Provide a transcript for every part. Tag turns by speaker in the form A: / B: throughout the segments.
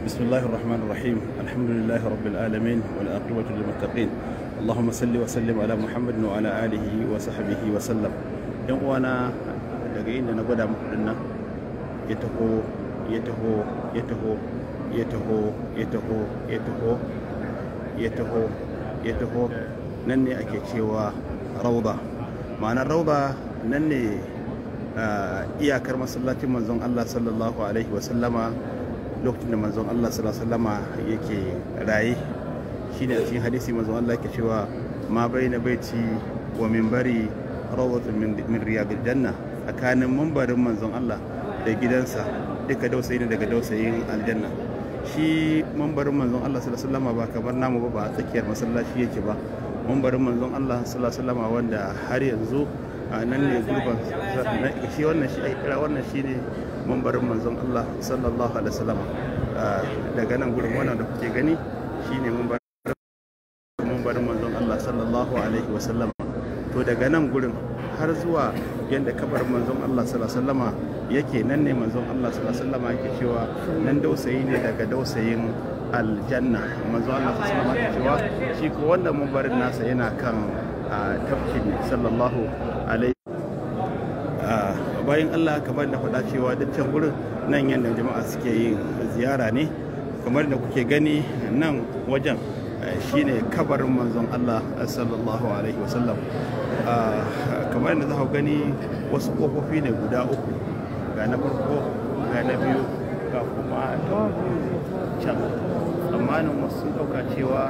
A: بسم الله الرحمن الرحيم الحمد لله رب العالمين والعاقبة للمتقين اللهم صل وسلم على محمد وعلى آله وصحبه وسلم yan uwana daga inda na gwada muku dinnan ya taho ya taho ya taho ya taho ya taho ya taho ya taho nan ne ake cewa rauda ma'anar rauda nan ne ah, iyakar masallacin manzon Allah sallallahu alaihi wasallama lokacin da manzon Allah sallallahu alaihi wasallama yake raye shine a cikin hadisi manzon Allah yake cewa ma baina baiti wa minbari rawatun min riyadil janna tsakanin mambarin manzon Allah da gidansa duka dausayi ne daga dausayin aljanna shi mambarin manzon Allah sallallahu alaihi wasallama ba kamar namu ba ba a tsakiyar masallaci yake ba mambarin manzon Allah sallallahu alaihi wasallama wanda har yanzu a nan ne gurbin shi wannan shi ake kira wannan shi ne mambarin manzon Allah sallallahu alaihi wasallam daga nan gurin wannan da kuke gani shi ne mambarin manzon Allah sallallahu alaihi wasallam to daga nan gurin har zuwa yadda kabarin manzon Allah sallallahu yake nan ne manzon Allah sallallahu yake cewa nan dausayi ne daga dausayin aljanna manzon Allah sallallahu alaihi cewa shi ko wannan mambarin nasa yana kan a tafkin sallallahu alaihi bayan Allah kamar da faɗa cewa can gurin nan yadda jama'a suke yin ziyara ne kamar da kuke gani nan wajen shine kabarin manzon Allah sallallahu alaihi wasallam kamar da za ku gani wasu kofofi ne guda uku ga na farko ga na biyu ga kuma can tsammanin wasu ɗauka cewa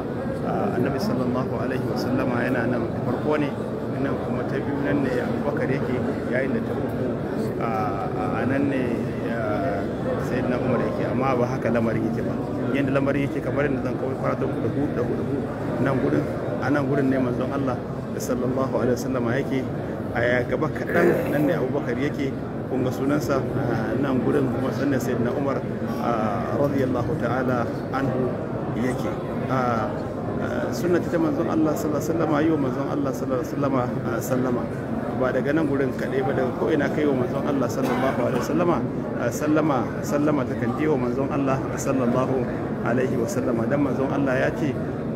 A: annabi sallallahu alaihi wasallama yana nan farko ne nan kuma ta biyu nan ne abubakar yake yayin da ta uku a nan ne sai na umar yake amma ba haka lamarin yake ba yadda lamarin yake kamar yadda zan kawai fara da hudu da hudu nan gudun a nan gudun ne manzon Allah da sallallahu alaihi wasallama yake a gaba kaɗan nan ne abubakar yake kun ga sunansa nan gudun kuma sannan sai na umar radiyallahu ta'ala anhu yake a suna ta manzon Allah sallallahu alaihi wasallam yi wa manzon Allah sallallahu alaihi wasallam sallama ba daga nan gurin kaɗai ba daga ko'ina kai wa manzon Allah sallallahu alaihi wasallama sallama sallama ta kan je wa manzon Allah sallallahu alaihi wasallama dan manzon Allah ya ce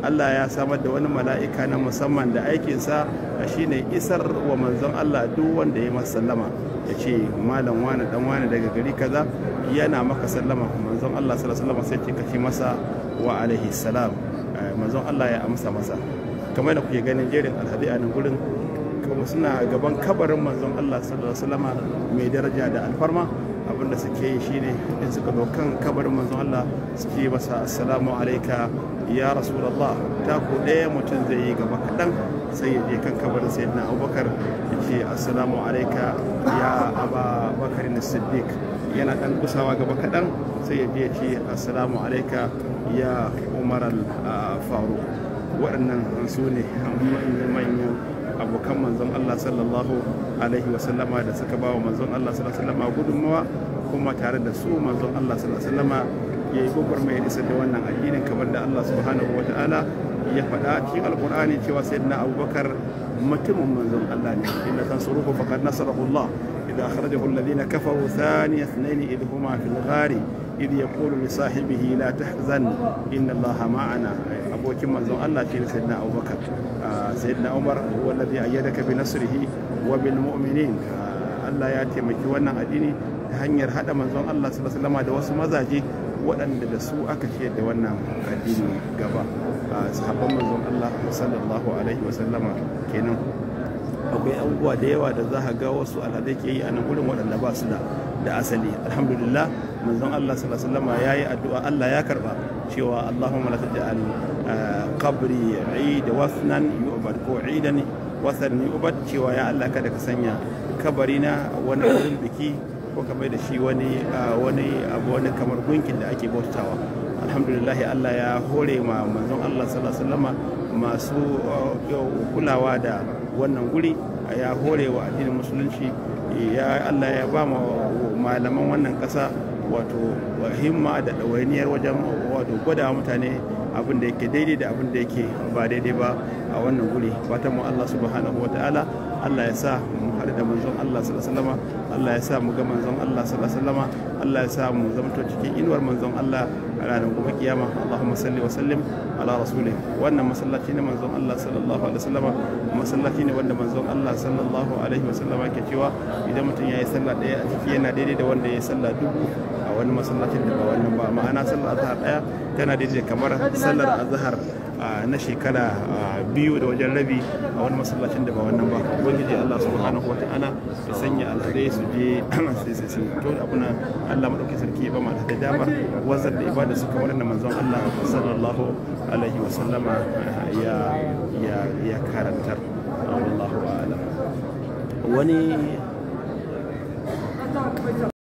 A: Allah ya samar da wani mala'ika na musamman da aikinsa shine isar wa manzon Allah duk wanda ya masa sallama ya ce malam wani dan wani daga gari kaza yana maka sallama manzon Allah sallallahu alaihi wasallam sai ce masa wa alaihi salam eh, manzon Allah ya amsa masa kamar da kuke ganin jerin alhadi a nan gurin kuma suna gaban kabarin manzon Allah sallallahu alaihi wasallam mai daraja da alfarma abin da suke yi shine in suka zo kan kabarin manzon Allah suke masa assalamu alaika ya rasulullah ta ku ɗaya mutum zai yi gaba kaɗan sai ya je kan kabarin sayyidina abubakar ya ce assalamu alaika ya aba bakar siddiq yana ɗan kusawa gaba kaɗan sai ya je ya ce assalamu alaika ya umar al-faruq waɗannan su ne manyan abokan manzon Allah sallallahu alaihi wasallama da suka ba wa manzon Allah sallallahu alaihi wasallama gudunmawa kuma tare da su manzon Allah sallallahu alaihi wasallama ya yi mai isa da wannan addinin kamar da Allah subhanahu wa ta'ala ya faɗa cikin alkur'ani cewa sayyidina abubakar mutumin manzon Allah ne inna tansuruhu faqad nasarahu Allah idza akhrajahu alladhina kafaru thaniya ithnaini idh huma fil ghari إذ يقول لصاحبه لا تحزن إن الله معنا abokin manzon Allah shi ne sayyidina Abubakar sayyidina Umar huwa alladhi ayyadaka bi nasrihi wa bil mu'minin Allah ya taimaki wannan addini ta hanyar hada manzon Allah sallallahu alaihi wasallam da wasu mazaje waɗanda da su aka ciyar da wannan addini gaba sahabban manzon Allah sallallahu alaihi wasallama kenan akwai abubuwa da yawa da za ga wasu al'adai ke yi a nan gurin waɗanda ba su da da asali alhamdulillah manzon Allah sallallahu alaihi wasallam yayi addu'a Allah ya karba cewa Allahumma la taj'al eh, qabri 'id wasnan yu'bad ko 'idan wasan yu'bad cewa ya Allah kada ka sanya kabarina wani wurin biki ko ka mai da shi wani eh, wani abu wani kamar gunkin da ake bautawa alhamdulillah Allah ya hore ma manzon Allah sallallahu alaihi wasallam masu eh, kulawa da wannan guri ya hore wa addinin musulunci ya allah ya ba malaman wannan ƙasa wato himma da ɗawainiyar wajen wato gwada mutane abin da yake daidai da abin da yake ba daidai ba a wannan guri fatan mu allah subhanahu wa ta'ala allah ya sa mu tare da manzon Allah sallallahu alaihi wasallam Allah ya sa mu ga manzon Allah sallallahu alaihi wasallam Allah ya sa mu zama cikin inuwar manzon Allah a ranar gobe kiyama Allahumma salli wa sallim ala rasulih wannan masallaci ne manzon Allah sallallahu alaihi wasallam masallaci ne wanda manzon Allah sallallahu alaihi wasallam ke cewa idan mutum ya yi sallah daya a ciki yana daidai da wanda ya yi sallah dubu wani masallacin da ba wannan ba ma'ana sallar azhar daya tana daidai kamar sallar azhar na shekara biyu da wajen rabi a wani masallacin da ba wannan ba ubangiji Allah subhanahu wata'ala ya sanya alhadai su je sai sai to abuna Allah madauki sarki ba ma da dama wazar da ibada kamar wannan manzon Allah sallallahu alaihi wa sallama ya ya ya karantar wallahu a'lam wani